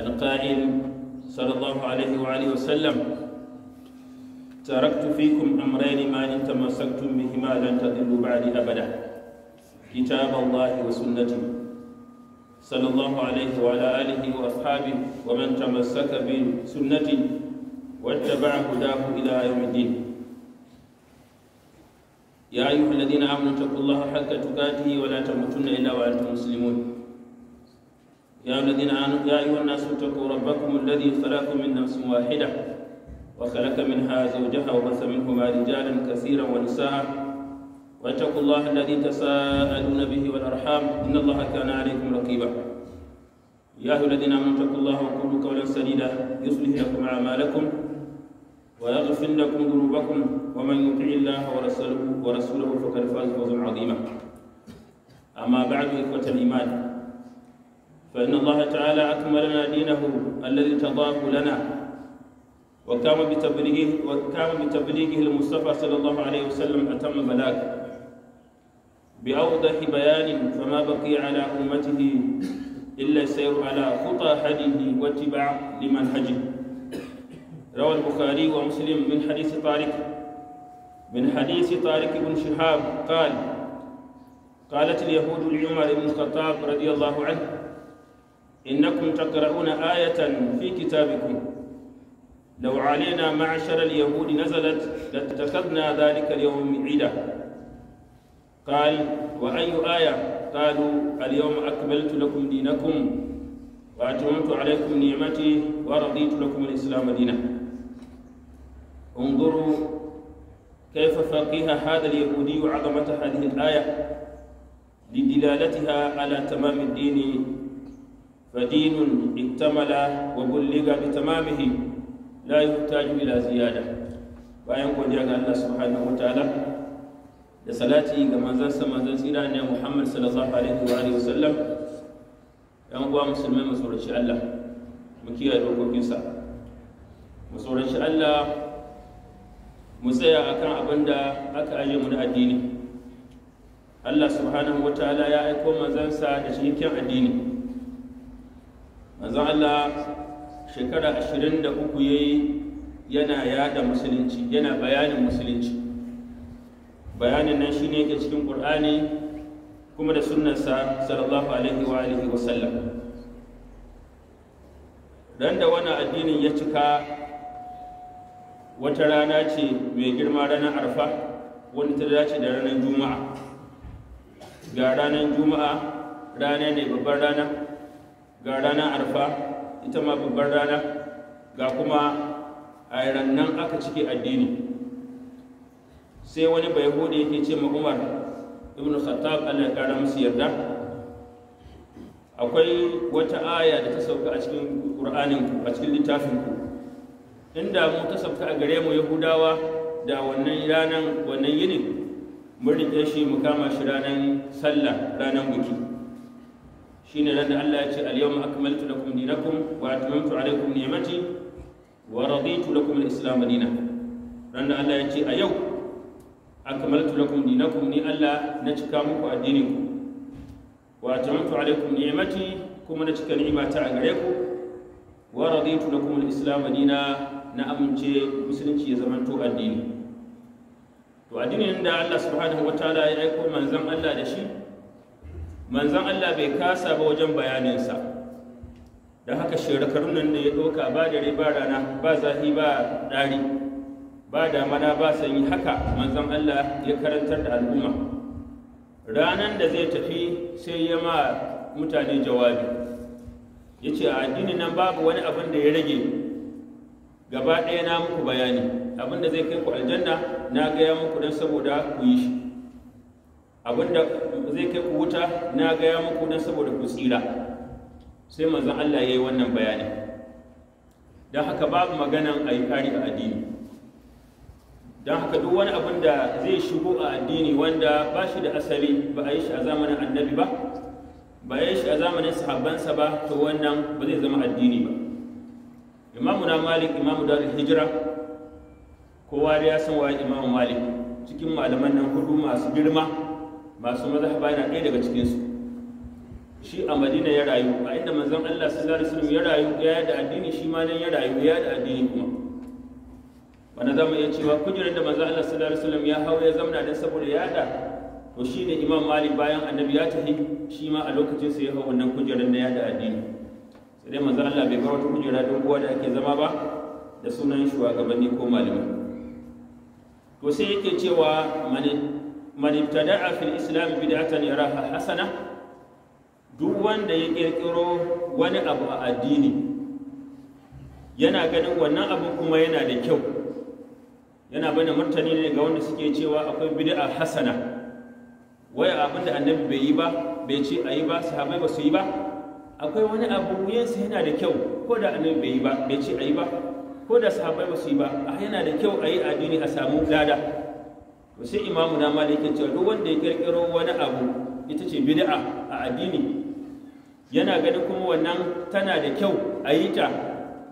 القائل صلى الله عليه وآله وسلم تركت فيكم أمرين ما إن تمسكتم بهما لن تضلوا بعد أبدا كتاب الله وسنتي صلى الله عليه وعلى آله وأصحابه ومن تمسك بسنته واتبع هداه إلى يوم الدين يا أيها الذين آمنوا اتقوا الله حق تقاته ولا تموتن إلا وأنتم مسلمون يا الذين آمنوا يا أيها الناس اتقوا ربكم الذي خلقكم من نفس واحدة وخلق منها زوجها وبث منهما رجالا كثيرا ونساء واتقوا الله الذي تساءلون به والأرحام إن الله كان عليكم رقيبا يا أيها الذين آمنوا اتقوا الله وقولوا قولا سديدا يصلح لكم أعمالكم ويغفر لكم ذنوبكم ومن يطع الله ورسوله ورسوله فقد فاز فوزا عظيما أما بعد إخوة الإيمان فإن الله تعالى أكملنا دينه الذي تضاف لنا وقام بتبليغه وقام بتبليغه المصطفى صلى الله عليه وسلم أتم بلاغه بأوضح بيان فما بقي على أمته إلا السير على خطى حديث واتباع لمنهجه روى البخاري ومسلم من حديث طارق من حديث طارق بن شهاب قال قالت اليهود لعمر بن الخطاب رضي الله عنه إنكم تقرؤون آية في كتابكم لو علينا معشر اليهود نزلت لاتخذنا ذلك اليوم عيدا قال وأي آية قالوا اليوم أكملت لكم دينكم وأتممت عليكم نعمتي ورضيت لكم الإسلام دينا انظروا كيف فقه هذا اليهودي عظمة هذه الآية لدلالتها على تمام الدين فدين اكتمل وبلغ بتمامه لا يحتاج إلى زيادة bayan godiya ga Allah subhanahu da salati ga manzansa manzan tsira ne Muhammad sallallahu alaihi wa alihi wasallam yan uwa musulmai mu tsoraci Allah mu kiyaye dokokinsa mu tsoraci Allah mu tsaya akan abin da aka aje mu na addini Allah subhanahu wa ya aiko manzansa da cikakken addini manzon Allah shekara 23 yayi yana yada musulunci yana bayanin musulunci bayanin nan shine yake cikin Qur'ani kuma da sunnarsa sallallahu alaihi wa alihi wa sallam dan da wannan addinin ya cika wata rana ce mai girma ranar arfa wani ta dace da ranar juma'a ga ranar juma'a rana ne babbar rana ga ranar arfa ita ma babbar rana ga kuma a rannan aka cike addini sai wani bai hudu yake ce ma umar ibn khattab allah ya kara musu yarda akwai wata aya da ta sauka a cikin qur'anin a cikin littafin ku inda mu ta sauka a gare mu yahudawa da wannan ranar wannan yinin mun rike shi mu kama shi ranar sallah ranar buki shine ran da Allah ya ce al-yawma akmaltu lakum dinakum wa atmamtu alaykum ni'mati wa raditu lakum al-islam dinan ran da Allah ya ce a yau akmaltu lakum dinakum ni Allah na cika muku addinin ku wa atmamtu alaykum ni'mati kuma na cika ni'imata a gare ku wa raditu lakum al-islam dinan na amince musulunci ya zamanto addini to addinin da Allah subhanahu wataala ya aiko manzon Allah da shi Manzan Allah bai kasa ba wajen bayaninsa da haka shirakarun nan da ya ɗauka ba dare ba rana ba zafi ba ɗari ba damana ba sanyi haka manzan Allah ya karantar da al'umma ranan da zai tafi sai ya ma mutane jawabi ya ce a addini nan babu wani abin da ya rage gaba ɗaya na muku bayani abin da zai kai ku aljanna na gaya muku don saboda ku yi shi abinda zai kai ku wuta na gaya muku don saboda ku tsira sai manzon Allah ya yi wannan bayani don haka babu maganan a yi ƙari a addini don haka duk wani abin da zai shigo a addini wanda ba shi da asali ba a yi shi a zamanin annabi ba ba a yi shi a zamanin sahabbansa ba to wannan ba zai zama addini ba imamu na malik imamu da hijira kowa da ya san wa imamu malik cikin malaman nan hudu masu girma masu mazhaba yana ɗaya daga cikinsu shi a madina ya rayu a inda manzon allah sallallahu alaihi wasallam ya rayu ya yada addini shi ma nan ya rayu ya yada addini kuma wanda zamu iya cewa kujerar da manzon allah sallallahu alaihi wasallam ya hau ya zamna dan saboda ya yada to shine imam malik bayan annabi ya tafi shi ma a lokacin sa ya hau wannan kujerar na yada addini sai dai manzon allah bai bar wata kujera don kowa da ake zama ba da sunan shugabanni ko malamai to sai yake cewa mani man ibtada'a fil islam bid'atan yaraha hasana duk wanda ya kirkiro wani abu a addini yana ganin wannan abu kuma yana da kyau yana bane martani ne ga wanda suke cewa akwai bid'a hasana waya abin da annabi bai yi ba bai ce a yi ba sahabai ba su yi ba akwai wani abu wuyansa yana da kyau ko da annabi bai yi ba bai ce a yi ba ko da sahabai ba su yi ba yana da kyau a yi addini a samu lada to sai imamu na malikin cewa duk wanda ya kirkiro wani abu ita ce bid'a a addini yana gani kuma wannan tana da kyau a yi ta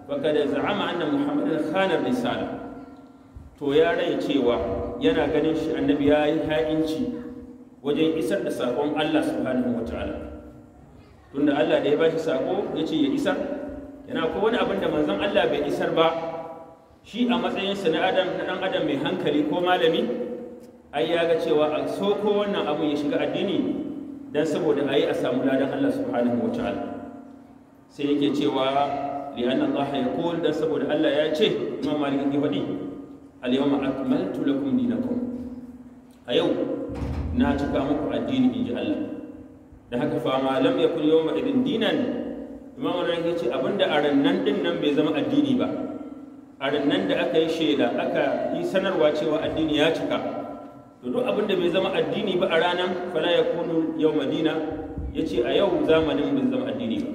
baka da za'ama anna muhammadin khana risala to ya rai cewa yana ganin shi annabi ya yi ha'inci wajen isar da saƙon allah subhanahu wa ta'ala tunda allah da ya bashi saƙo ya ce ya isar yana ko wani abin da manzon allah bai isar ba shi a matsayinsa na adam na ɗan adam mai hankali ko malami ai ya ga cewa a soko wannan abun ya shiga addini dan saboda yi a samu ladan Allah subhanahu wa ta'ala sai yake cewa anna Allah ya yaqul dan saboda Allah ya ce Imam Malik yake faɗi al-yawma akmaltu lakum dinakum a yau na cika muku addini inji Allah da haka fa ma lam yakun yawma idin dinan Imam Malik ce abinda arannan din nan bai zama addini ba a da aka yi shaida aka yi sanarwa cewa addini ya cika to duk abin da bai zama addini ba a ranar fala ya kunu yau madina ya ce a yau zamanin bai zama addini ba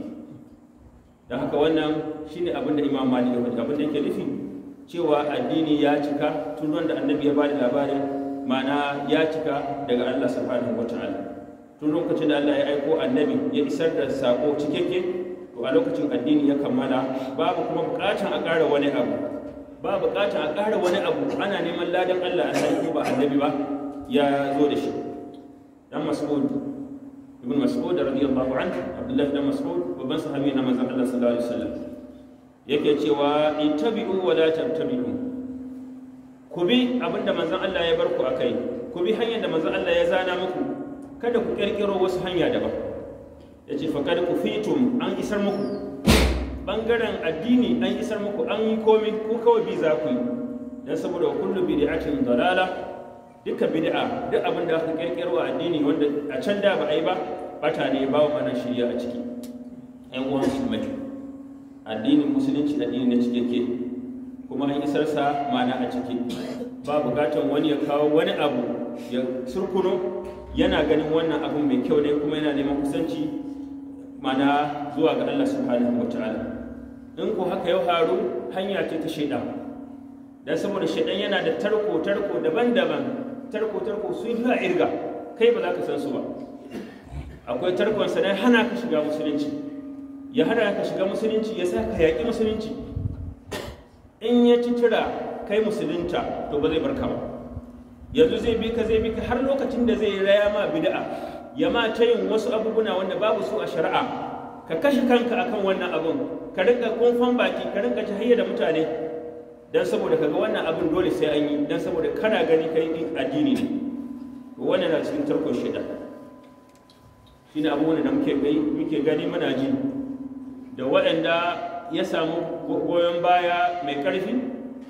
don haka wannan shine abin da imam mali ya faɗi abin da yake nufi cewa addini ya cika tun wanda annabi ya ba da labarin ma'ana ya cika daga allah subhanahu wa ta'ala tun lokacin da allah ya aiko annabi ya isar da sako cikakke to a lokacin addini ya kammala babu kuma bukatan a kara wani abu ba bukata a ƙara wani abu ana neman ladan Allah a sai ba annabi ba ya zo da shi dan mas'ud ibn mas'ud radiyallahu anhu abdullah dan mas'ud babban sahabi na manzon Allah sallallahu alaihi wasallam yake cewa ittabi'u wa la tattabi'u ku bi abinda manzon Allah ya barku akai ku bi hanyar da manzon Allah ya zana muku kada ku kirkiro wasu hanya daban yace faqad kufitum an isar muku bangaren addini an isar muku an yi komi ko kawai bi za ku yi don saboda kullu bid'atin dalala duka bid'a duk abin da aka kirkirwa addini wanda a can da ba a yi ba bata ne babu mana shirya a ciki yan uwan musulmai addinin musulunci addini na cikakke kuma an isar sa mana a ciki ba bukatan wani ya kawo wani abu ya surkuno yana ganin wannan abin mai kyau ne kuma yana neman kusanci mana zuwa ga Allah subhanahu wa ta'ala in ko haka yau Haru hanya ce ta shaidan dan saboda shaidan yana da tarko tarko daban-daban tarko tarko sun yi irga kai ba za ka san su ba akwai tarkon sa dan hana ka shiga musulunci ya hana ka shiga musulunci ya sa ka yaƙi musulunci in ya citira kai musulunta to ba zai barka ba yanzu zai bi ka zai bi ka har lokacin da zai raya ma bid'a ya ma ta yin wasu abubuwa wanda babu su a shari'a ka kashe kanka akan wannan abun ka rinka kunfan baki ka rinka tahiyya da mutane dan saboda kaga wannan abun dole sai an yi dan saboda kana gani kai din addini ne wannan na cikin tarkon shaitan shine abubuwan da muke kai muke gani muna ji da waɗanda ya samu goyon baya mai ƙarfi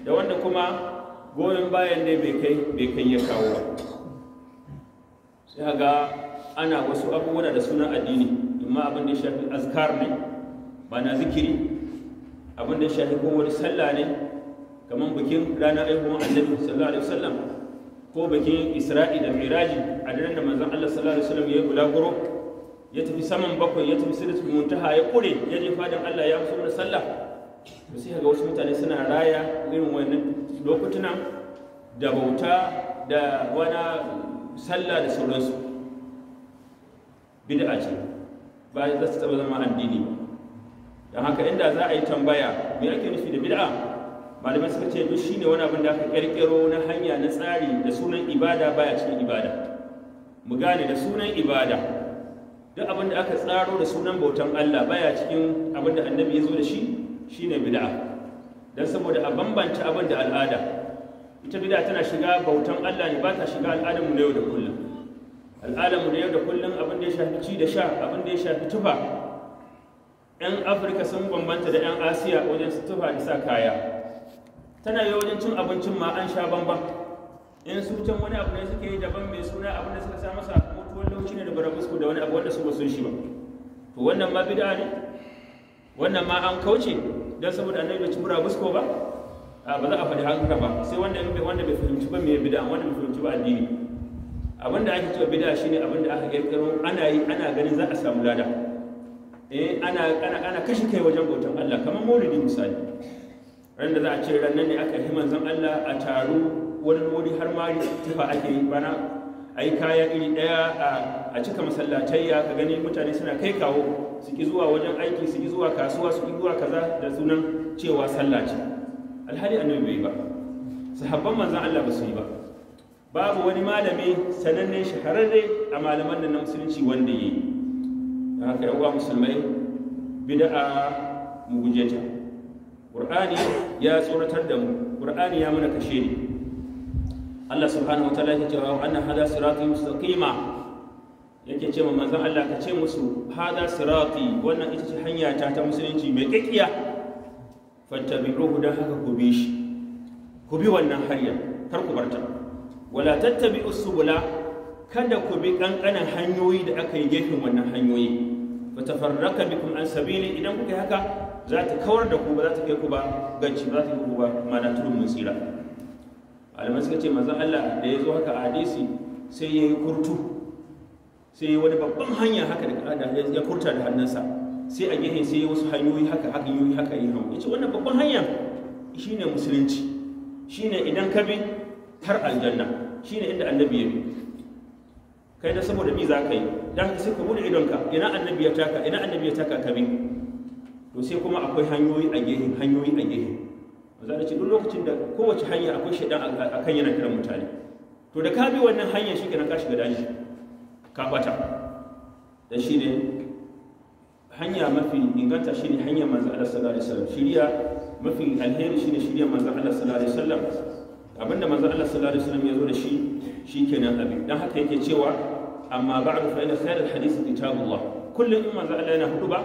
da wanda kuma goyon bayan ne bai kai ya kawo ba sai ga ana wasu abubuwa da sunan addini amma abin da ya shafi azkar ne ba na zikiri abin da ya shafi kowane sallah ne kamar bikin ranar aihuwar annabi sallallahu alaihi wasallam ko bikin isra'i da miraji a daren da manzon Allah sallallahu alaihi wasallam ya yi bulaguro ya tafi saman bakwai ya tafi sada muntaha ya kure ya je fadin Allah ya musu sallah to sai ga wasu mutane suna raya irin wannan lokutuna da bauta da wani sallah da sauransu bid'a ce ba za su zama addini don haka inda za a yi tambaya me ake nufi da bid'a malamai suka ce duk shine wani abin da aka kirkiro na hanya na tsari da sunan ibada baya cikin ibada mu gane da sunan ibada duk abin da aka tsaro da sunan bautan Allah baya cikin abin da annabi ya zo da shi shine bid'a dan saboda a bambanta abin da al'ada ita bid'a tana shiga bautan Allah ne ba ta shiga al'adar mu na yau da kullum al'adamu da yau da kullum abin da ya shafi ci da sha abin da ya shafi tufa yan afirka sun bambanta da yan asiya wajen su tufa da sa kaya tana yi wajen cin abincin ma an sha bamban in su can wani abu ne suke yi daban mai suna abin da suka sa masa mutuwar lauci ne da barabusku da wani abu wanda su ba sun shi ba to wannan ma bid'a ne wannan ma an kauce don saboda annabi bai ci burabusko ba ba za a faɗi haka ba sai wanda bai fahimci ba mai bid'a wanda bai fahimci ba addini abinda ake cewa bid'a shine abinda aka kirkiro ana yi ana ganin za a samu lada eh ana ana ana kashi kai wajen bautan Allah kamar maulidi misali ran za a ce rannan ne aka yi manzon Allah a taro wani wuri har ma tufa ake yi bana a kaya iri daya a cika masallatai ya ka gani mutane suna kai kawo su ki zuwa wajen aiki su ki zuwa kasuwa su ki zuwa kaza da sunan cewa sallah ce alhali annabi bai ba sahabban manzon Allah ba su yi ba babu wani malami sananne shahararre a malaman nan na musulunci wanda yi da haka yawa musulmai bid'a mu gujeta. ta ya tsoratar da mu qur'ani ya mana kashe ne Allah subhanahu wataala ya ce wa anna hada sirati mustaqima yake ce manzon Allah ka ce musu hada sirati wannan ita ce hanya ta ta musulunci mai kakkiya fattabi'uhu da haka ku bi shi ku bi wannan hanya kar ku barta wala tattabi'u subula kada ku bi kankanan hanyoyi da aka yi gefen wannan hanyoyi tafarraka bikum an sabili idan kuka yi haka za ta kawar da ku ba za ta kai ku ba ganci ba za ta kai ku ba mana turun mun tsira alamai suka ce manzon Allah da ya zo haka a hadisi sai ya yi kurtu sai ya wani babban hanya haka da ya kurta da hannunsa sai a gehe sai ya wasu hanyoyi haka haka yi haka yi hau ya ce wannan babban hanya shine musulunci shine idan ka bi har aljanna shine inda annabi ya bi kai da saboda bi za ka yi da haka sai ka bude idonka ina annabi ya taka ina annabi ya taka ka bi to sai kuma akwai hanyoyi a gehin hanyoyi a gehin za a ce duk lokacin da kowace hanya akwai shaidan a kan yana kiran mutane to da ka bi wannan hanyar shi kenan ka shiga daji ka bata da shi ne hanya mafi inganta shi ne hanyar manzo Allah sallallahu alaihi wasallam shiriya mafi alheri shi ne shiriyar manzo Allah sallallahu alaihi wasallam abinda manzo Allah sallallahu alaihi wasallam ya zo da shi shikenan abin dan haka yake cewa amma ba'du fa inna khayral hadith kitabullah kullum in manzo Allah yana hudu ba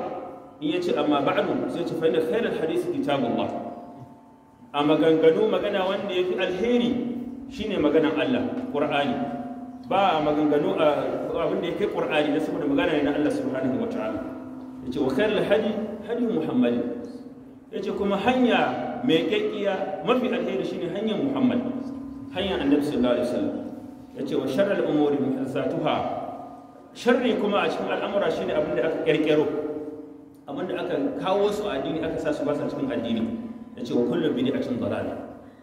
in yace amma ba'du sai ce fa inna khayral hadith kitabullah a maganganu magana wanda yafi alheri shine maganan Allah Qur'ani ba maganganu abin da yake Qur'ani da saboda magana ne na Allah subhanahu wataala yace wa khayral hadi hadi Muhammadin yace kuma hanya mai kyakkiya mafi alheri shine hanyar muhammad hanyar annabi sallallahu alaihi wasallam ce wa sharral umuri muhdathatuha sharri kuma a cikin al'amura shine abin da aka kirkiro abin da aka kawo su a addini aka sa su ba cikin addini ce wa kullu bid'atin dalala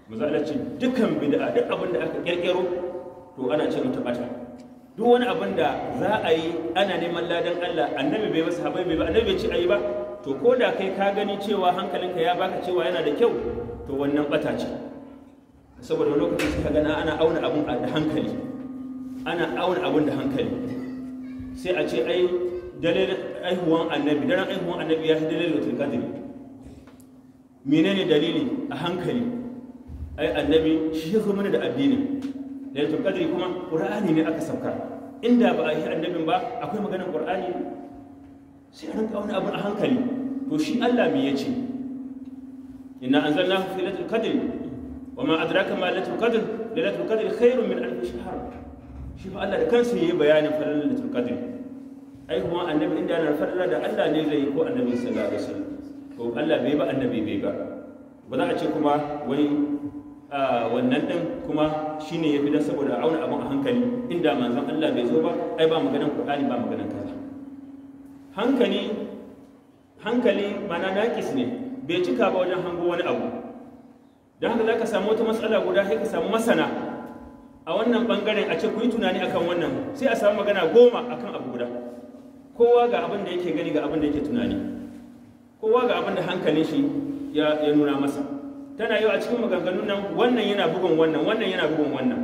mazala ce dukan bid'a duk abin da aka kirkiro to ana ce mata bata duk wani abin da za a yi ana neman ladan Allah annabi bai masa habai bai ba annabi bai ci ayi ba to ko da kai ka gani cewa hankalinka ya baka cewa yana da kyau to wannan bata ce saboda lokacin suka gana ana auna abun da hankali ana auna abun da hankali sai a ce ai dalilin aihuwan annabi daren aihuwan annabi ya fi dalilin tulkadir menene dalili a hankali ai annabi shi ya zo mana da addinin lailatul qadri kuma qur'ani ne aka sauka inda ba a yi annabin ba akwai maganar qur'ani sai an kauna abun a hankali to shi Allah me yace inna anzalnahu fi lailatul qadr wa ma adraka ma lailatul qadr lailatul qadr khairun min alf shahr shi fa Allah da kansa yayi bayanin falalar lailatul qadr ai kuma annabi inda na fadala da Allah ne zai yi ko annabi sallallahu alaihi wasallam Ko Allah bai ba annabi bai ba ba za a ce kuma wai wannan din kuma shine fi dan saboda auna abun a hankali inda manzon Allah bai zo ba ai ba maganan Qur'ani ba maganan kaza hankali hankali mana naƙis ne bai cika ba wajen hango wani abu don haka za ka samu wata matsala guda sai ka samu masana a wannan bangaren a ce ku yi tunani akan wannan sai a samu magana goma akan abu guda kowa ga abin da yake gani ga abin da yake tunani kowa ga abin da hankalin shi ya nuna masa tana yau a cikin maganganun nan wannan yana bugun wannan wannan yana bugun wannan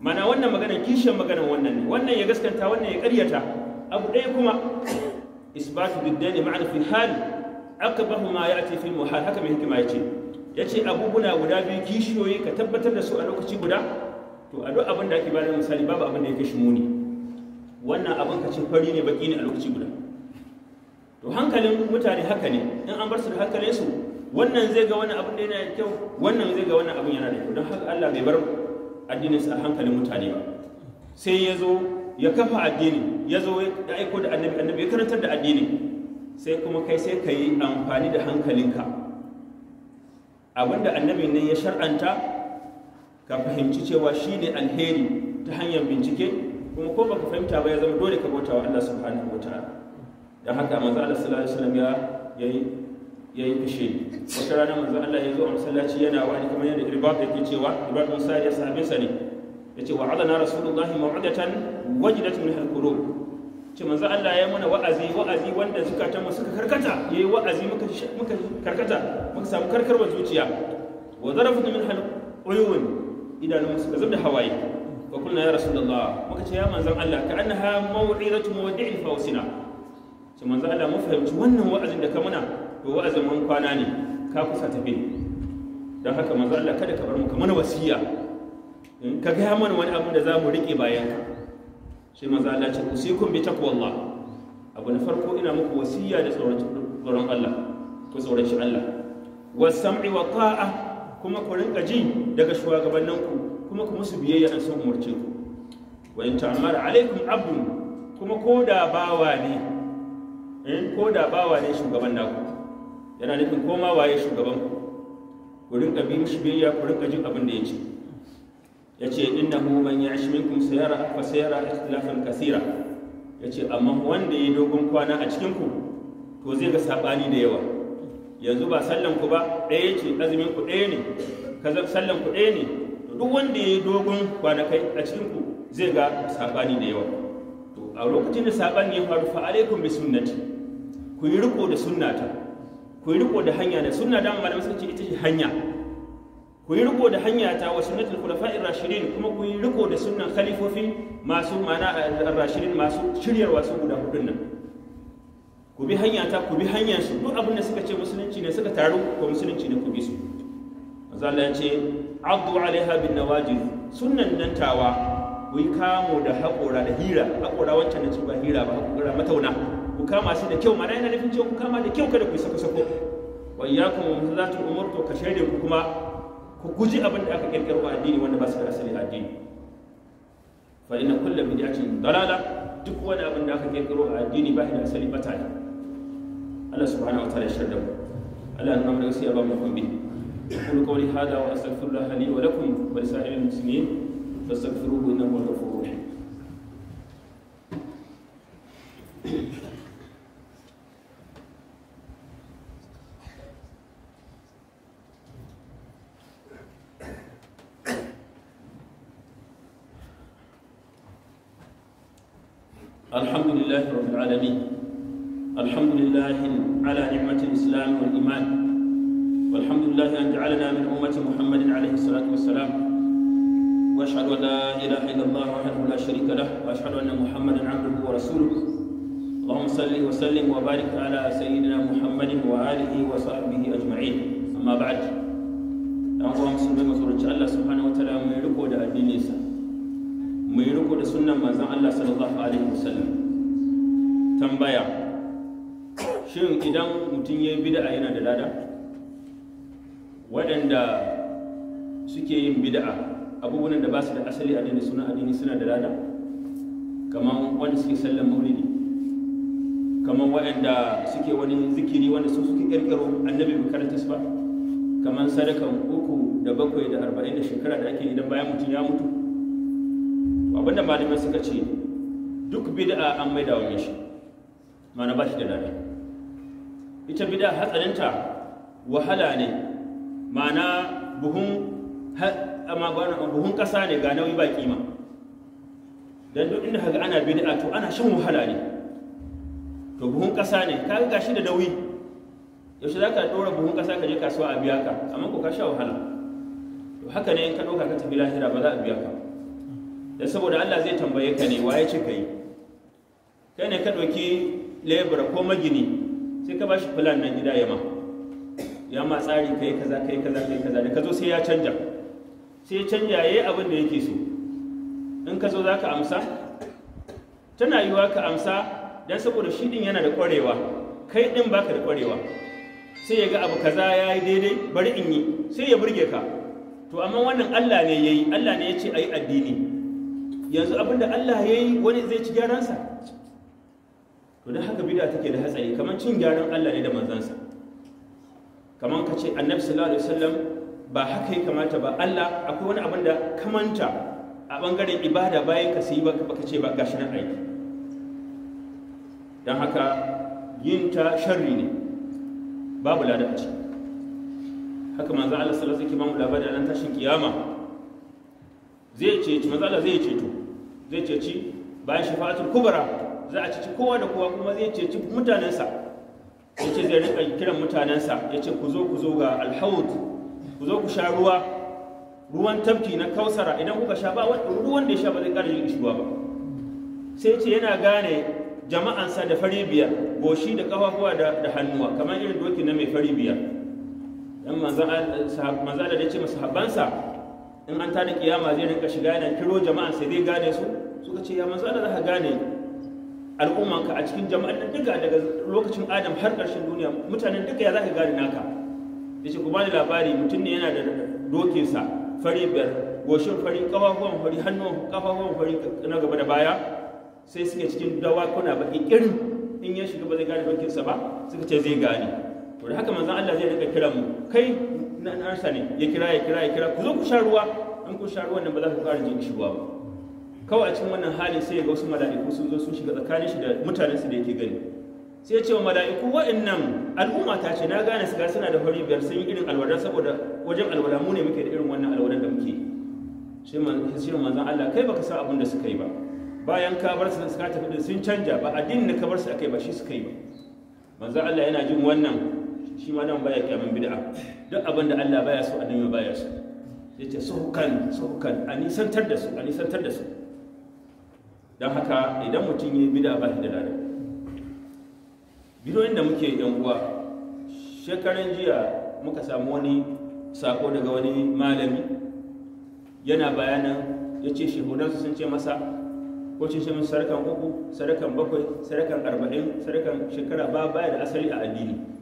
mana wannan maganar kishin maganar wannan ne wannan ya gaskanta wannan ya karyata abu ɗaya kuma isbatu biddaini ma'ana fi hal akabahu ma ya'ti fi muhal haka mai hikima yace abubu abubuwa guda biyu kishiyoyi ka tabbatar da su a lokaci guda to a duk da ake bada misali babu abin da ya kashi muni wannan abin ka ce fari ne baki ne a lokaci guda to hankalin mutane haka ne in an barsu su da hankalin su wannan zai ga wani abin da yana da kyau wannan zai ga wannan da don haka Allah bai bar addininsa a hankalin mutane ba sai ya zo ya kafa addini ya zo ya aiko da annabi annabi ya karantar da addini sai kuma kai sai ka yi amfani da hankalinka abinda annabi ne ya shar'anta ka fahimci cewa shi ne alheri ta hanyar bincike kuma ko baka fahimta ba ya zama dole ka bauta wa Allah subhanahu wataala dan haka manzo Allah sallallahu alaihi wasallam ya ya yi fishe wata rana manzo Allah ya zo a masallaci yana wani kamar yadda Irbad yake cewa Irbad Musa ya sahabe sa ne yace wa adana rasulullahi mau'idatan wajidat min al-qulub ce manzo Allah ya mana wa'azi wa'azi wanda zukatan mu suka karkata yayi wa'azi muka muka karkata muka samu karkarwa zuciya wa zarafat min al-uyun idanun suka zubda hawaye wa kulna ya rasulullah muka ce ya manzon Allah ka annaha mau'izatu muwaddi'in fawsina ce manzo Allah mun fahimci wannan wa'azin da ka muna to wa'azin mun kwana ne ka kusa tafi Don haka manzo Allah kada ka bar mu ka mana wasiya ka gaya mana wani abin da za mu riƙe bayan ka shi maza Allah ce usikum bi Allah. abu na farko ina muku wasiya da tsoron Allah ku tsoraci Allah wasam'i wa ta'a kuma ku rinka ji daga shugabanninku kuma ku musu biyayya an san umarce ku wa in ta'ammara alaikum abdun kuma ko da bawa ne in eh, ko da bawa ne shugaban naku yana nufin koma waye shugaban ku ku rinka bi mishi biyayya ku rinka jin abin da ya ce yace ban man ya'ish minkum sayara fa sayara ikhtilafan ya yace amma wanda ya dogon kwana a cikin ku to zai ga sabani da yawa yanzu ba sallan ku ba ɗaya ce azumin ku ɗaya ne kaza sallan ku ɗaya ne to duk wanda ya dogon kwana kai a cikin ku zai ga sabani da yawa to a lokacin da sabani ya faru fa alaikum bi sunnati ku yi riko da sunnata ku yi riko da hanya da sunna da malamin ce ita ce hanya ku yi riko da hanya ta wasu sunnatul khulafa'ir rashidin kuma ku yi riko da sunan khalifofi masu mana eh, rashidin masu shiryarwa wasu guda hudun nan ku bi hanya ta ku bi hanyar su duk abin da suka ce musulunci ne suka taru ko musulunci ne ku bi su Allah ya ce addu alaiha bin nawajid sunan nan tawa ku yi kamo da haƙora da hira haƙora wancan da ce ba hira ba haƙora matauna ku kama su da kyau mana yana nufin cewa ku kama da kyau kada ku yi sako-sako wa iyyakum za ta to ka shaide ku kuma ku guji abin da aka kirkiro a addini wanda ba su da asali a addini fa inna kullu bid'atin dalala duk wani abin da aka kirkiro a addini ba da asali ba tare. Allah subhanahu wa ta'ala ya shirya mu Allah ya nuna gaskiya ba mu kumbi أقول قولي هذا وأستغفر الله لي ولكم ولسائر المسلمين فاستغفروه إنه هو الغفور الرحيم الحمد لله رب العالمين الحمد لله على نعمة الإسلام والإيمان والحمد لله أن جعلنا من أمة محمد عليه الصلاة والسلام وأشهد أن لا إله إلا الله وحده لا شريك له وأشهد أن محمدا عبده ورسوله اللهم صل وسلم وبارك على سيدنا محمد وآله وصحبه أجمعين أما بعد أمر مسلمين وسورة الله سبحانه mu yi riko da sunan manzon Allah sallallahu alaihi wasallam tambaya shin idan mutum ya yi bid'a yana da lada waɗanda suke yin bid'a abubuwan da ba su da asali a dini suna addini suna da lada kamar wanda suke sallan maulidi kamar waɗanda suke wani zikiri wanda su suke ƙirƙiro annabi bai karanta su ba kamar sadakan uku da bakwai da arba'in da shekara da ake idan bayan mutum ya mutu abinda malamai suka ce duk bid'a an mai dawo shi mana ba shi da lada ita bid'a hatsarinta wahala ne mana buhun buhun kasa ne ga nauyi ba kima don duk inda haka ana bid'a to ana shan wahala ne to buhun kasa ne ka ga shi da nauyi yaushe za ka ɗora buhun kasa ka je kasuwa a biya ka amma ko ka sha wahala to haka ne in ka ɗauka ka tafi lahira ba za a biya ka da saboda Allah zai tambaye ka ne ya ce kai kai ne ka ɗauki lebura ko magini sai ka bashi plan na gida yamma ya ma tsari kai kaza kai kaza kai kaza da ka zo sai ya canja sai canja yayi abin da yake so in ka zo za amsa tana yiwa ka amsa dan saboda shi din yana da ƙwarewa kai din baka da ƙwarewa sai ya ga abu kaza ya yi daidai bari in yi sai ya burge ka to amma wannan allah ne yayi allah ne ya ce ayi addini yanzu abinda Allah ya yi wani zai ci gyaransa to da haka bida take da hatsari kamar cin gyaran Allah ne da manzansa kamar ka ce annabi sallallahu alaihi wasallam ba haka ya kamata ba Allah akwai wani abin da kamanta a bangaren ibada bayan ka sai baka baka ce ba gashi nan aiki don haka yin ta sharri ne babu lada a haka manzo Allah sallallahu alaihi wasallam ke da nan tashin kiyama zai ce manzo Allah zai ce to zai ceci bayan shafa'atul kubra za a ceci kowa da kowa kuma zai ceci mutanensa ya ce zai rika kiran mutanensa ya ce ku zo ku zo ga alhaut ku zo ku sha ruwa ruwan tafki na kausara idan kuka sha ba ruwan da ya sha ba zai ƙara jin ba sai ce yana gane jama'ansa da fari biyar goshi da kafafuwa da hannuwa kamar irin dokin na mai fari biyar dan manzo da ya ce masahabansa in an tada kiyama zai rinka shiga yana kiro jama'an sai zai gane su suka ce ya manzo Allah za ka gane al'ummanka a cikin jama'an nan duka daga lokacin adam har ƙarshen duniya mutanen duka ya za ka gane naka ya ce ku bani labari mutum ne yana da dokinsa fari biyar goshin fari ƙafafuwan fari hannun ƙafafuwan fari na gaba da baya sai suke cikin dawakuna baƙi irin in ya shiga ba zai gane dokinsa ba suka ce zai gane to da haka manzon Allah zai rika kiran mu kai na nasa ne ya kira ya kira ya kira ku zo ku sha ruwa an ku sha ruwan nan ba za ku fara jin kishuwa ba kawai a cikin wannan halin sai ya ga wasu mala'iku sun zo sun shiga tsakanin shi da mutanen su da yake gani sai ya ce wa mala'iku wa'annan al'umma ta ce na gane siga suna da hori biyar sun yi irin alwala saboda wajen alwala mu ne muke da irin wannan alwalan da muke shi manzon Allah kai baka san abin da suka yi ba bayan ka bar su suka tafi sun canja ba addinin da ka bar su akai ba shi suka yi ba manzon Allah yana jin wannan shi ma nan baya kyaman bid'a duk abin da Allah baya so annabi baya so yace suhukan kan a nisantar da su a nisantar da su don haka idan mutum ya yi bida ba shi da lada biro da muke yan uwa shekaran jiya muka samu wani sako daga wani malami yana bayanan ya ce shehunansu sun ce masa ko ce shi sadakan uku sadakan bakwai sadakan arba'in sadakan shekara ba baya da asali a addini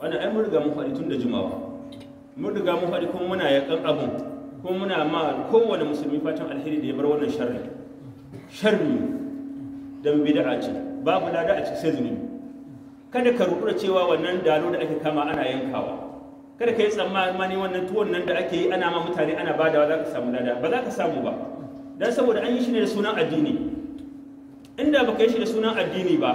wannan ai mun riga mun faɗi tun da Juma'a. mun riga mun faɗi kuma muna yakan abun kuma muna ma kowane musulmi fatan alheri da ya bar wannan sharri sharri dan bid'a ce babu lada a cikin sai zunubi kada ka rubuta cewa wannan dalo da ake kama ana yankawa kada ka yi tsammani wannan tuwon nan da ake yi ana ma mutane ana badawa za ka samu lada ba za ka samu ba Dan saboda an yi shi ne da sunan addini inda baka yi shi da sunan addini ba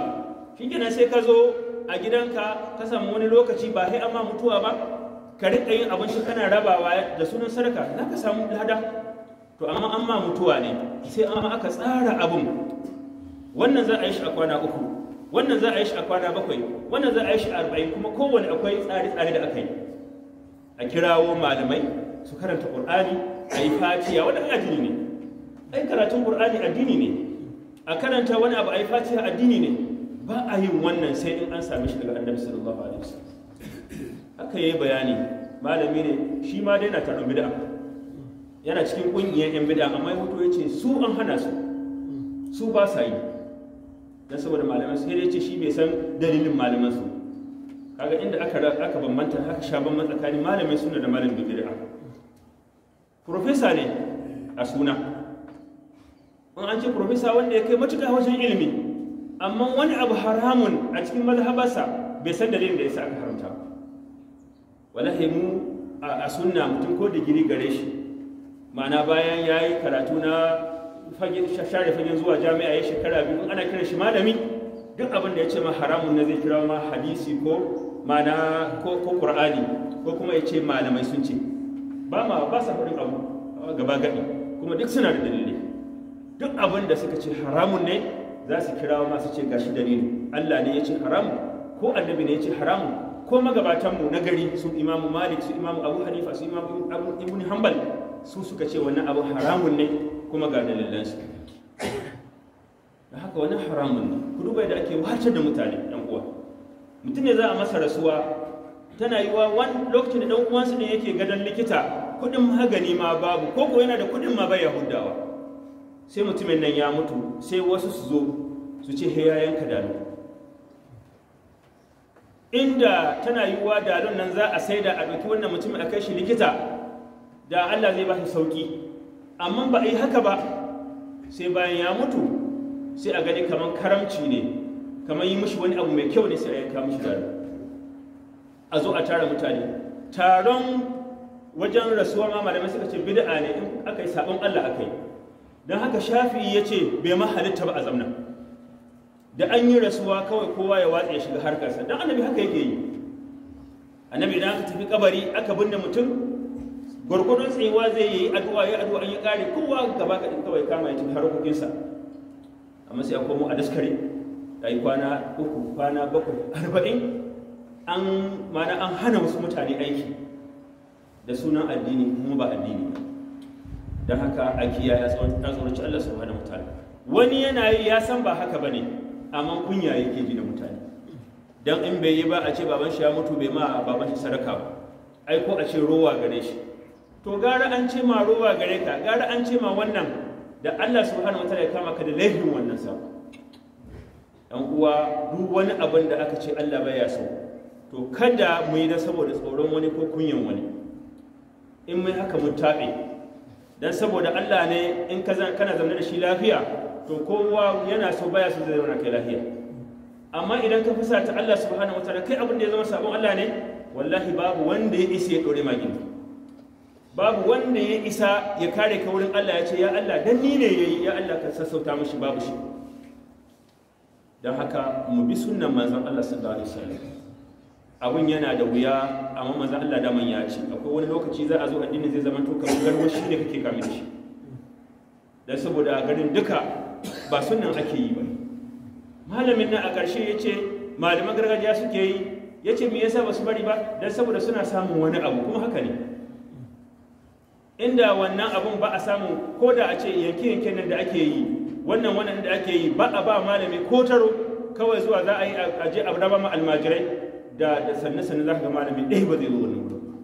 shi kenan sai ka zo a gidanka ka samu wani lokaci ba sai amma mutuwa ba ka riƙa yin shi kana rabawa da sunan Sarka za ka samu lada to amma amma mutuwa ne sai amma aka tsara abin wannan za a yi shi a kwana uku wannan za a yi shi a kwana bakwai wannan za a yi shi a arba'in kuma kowane akwai tsare-tsare da aka yi a kirawo malamai su karanta ƙur'ani a yi fatiya wani addini ne ai karatun ƙur'ani addini ne a karanta wani abu a yi fatiya addini ne ba a yin wannan sai in an same shi daga annabi sallallahu alaihi wasallam haka yayi bayani malami ne shi ma dai na taron bid'a yana cikin kungiyar yan bid'a amma ya fito yace su an hana su su ba sa yi dan saboda malaman sai yace shi bai san dalilin malaman su kaga inda aka aka bambanta haka sha bamban tsakanin malamin sunna da malamin bid'a professor ne a suna in an ce profesa wanda ya kai matuƙa wajen ilimi amma wani abu haramun a cikin mazhabarsa bai san dalilin da yasa aka haramta wallahi mu a sunna mutum ko digiri gare shi ma'ana bayan ya yi karatu na share fagen zuwa jami'a ya shekara biyu ana kira shi malami duk abin da ya ce ma haramun na zai kira ma hadisi ko ma'ana ko qur'ani ko kuma ya ce malamai sun ce ba ma ba sa faɗin abu gaba gaɗi kuma duk suna da dalili duk abin da suka ce haramun ne za su kirawo masu ce gashi dalili Allah ne ya ce haramu. ko annabi ne ya ce haramu. ko magabatanmu na gari su imamu malik su imamu abu hanifa su imamu abu ibn hanbal su suka ce wannan abu haramun ne kuma ga dalilansu da haka wani haramun ne ku duba da ake wace da mutane ɗan uwa mutum ne za a masa rasuwa tana yi wa wani lokacin da ɗan uwansu ne yake gadon likita kuɗin magani ma babu ko ko yana da kuɗin ma bai yahudawa sai mutumin nan ya mutu sai wasu su zo su ce he ya yanka dalo inda tana yiwuwa dalon nan za a sai a doki wannan mutumin a kai shi likita da Allah zai ba shi sauki amma ba a yi haka ba sai bayan ya mutu sai a gani kamar karamci ne kamar yi mishi wani abu mai kyau ne sai a yanka mishi dalo a zo a tara mutane taron wajen rasuwa ma malamai suka ce bid'a ne in aka yi sabon Allah aka don haka shafi'i ya ce bai mahalitta ba a zamna da an yi rasuwa kawai kowa ya watsa ya shiga harkarsa don annabi haka yake yi annabi idan aka tafi kabari aka binne mutum gwargwadon tsayuwa zai yi addu'a ya addu'a yi kare kowa gaba ka din kawai kama ya tafi harkokinsa amma sai a komo a daskare da yi kwana uku kwana bakwai arba'in an mana an hana wasu mutane aiki da sunan addini kuma ba addini ba don haka a kiyaye tsoronci Allah subhanahu wataala wani yana yi ya san ba haka bane amma kunya yake ji da mutane dan in bai yi ba a ce baban shi ya mutu bai ma baban shi sadaka ba ai ko a ce rowa gare shi to gara an ce ma rowa gare ka gara an ce ma wannan da Allah subhanahu wataala ya kama ka da laifin wannan sa dan uwa duk wani abin da aka ce Allah baya so to kada mu yi na saboda tsoron wani ko kunyan wani in mai haka mun tabe dan saboda Allah ne in ka kana zaune da shi lafiya to kowa yana so baya so zai zauna kai lafiya amma idan ka ta Allah subhanahu wataala kai abin da ya zama sabon Allah ne wallahi babu wanda ya isa ya dore magin babu wanda ya isa ya kare ka wurin Allah ya ce ya Allah dan ni ne yayi ya Allah ka sassauta mishi babu shi dan haka mu bi sunnan manzon Allah sallallahu alaihi wasallam abun yana da wuya amma manzo Allah da man ya ce akwai wani lokaci za a zo addinin zai zama to kamar shi ne kake kame shi dan saboda garin duka ba sunan ake yi ba malamin na a ƙarshe ya ce malaman gargajiya suke yi Ya ce me yasa ba su bari ba dan saboda suna samun wani abu kuma haka ne inda wannan abun ba a samu ko da a ce yanke-yanke nan da ake yi wannan wannan da ake yi ba a ba malami ko taro kawai zuwa za a yi a je a raba ma almajirai da sanne sanne za ka ga malami ɗaya ba zai zo wannan wurin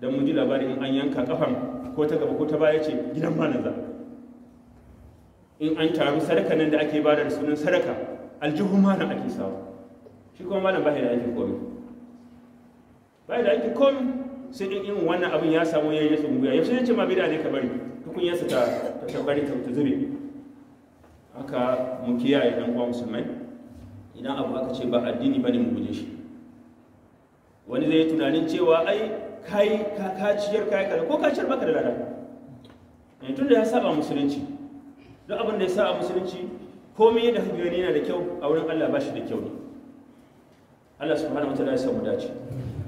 dan mu ji labarin in an yanka kafan ko ta gaba ko ta baya ce gidan malam za in an taru sadaka nan da ake bada da sunan sadaka aljihun malam ake sawa shi kuma malam ba da aikin komai ba da aikin komai sai in irin wannan abin ya samu yayin ya tsunguya ya sai ce ma bida ne ka bari tukunyarsa ta ta bari ta zube haka mu kiyaye dan uwa musulmai idan abu aka ce ba addini ba ne mu guje shi wani zai tunanin cewa ai kai ka kaciyar kai kare ko kaciyar baka da lada ne eh, tunda ya saba musulunci duk abin da ya saba musulunci komai yadda hanyoyi ne yana da kyau a wurin Allah ba shi da kyau ne Allah subhanahu wataala ya samu dace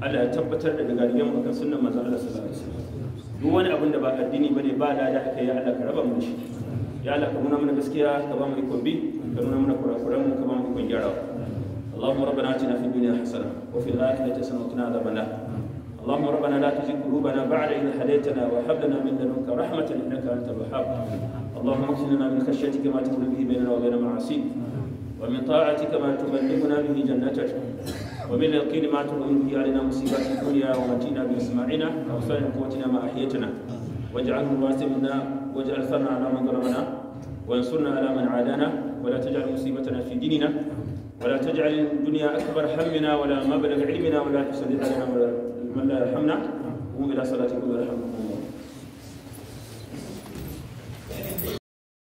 Allah ya tabbatar da daga rigen akan sunnan manzon Allah sallallahu alaihi wasallam duk wani abin da ba addini bane ba lada aka yi Allah ka raba mu shi ya Allah ka muna mana gaskiya ka ba mu ikon bi كنونا من كورا كورا مو كما من كون جارا اللهم ربنا آتنا في الدنيا حسنة وفي الآخرة حسنة وقنا عذاب النار اللهم ربنا لا تزغ قلوبنا بعد إذ هديتنا وهب لنا من لدنك رحمة إنك أنت الوهاب اللهم اغفر من خشيتك ما تحول به بيننا وبين معاصيك ومن طاعتك ما تبلغنا به جنتك ومن اليقين ما تهون به علينا مصيبات الدنيا ومتينا باسماعنا واغفر قوتنا ما احيتنا واجعله الوارث منا واجعل ثرنا على من ظلمنا وانصرنا على من عادانا ولا تجعل مصيبتنا في ديننا ولا تجعل الدنيا أكبر همنا ولا مبلغ علمنا ولا تسلط علينا من لا يرحمنا قوموا إلى صلاتكم ويرحمكم الله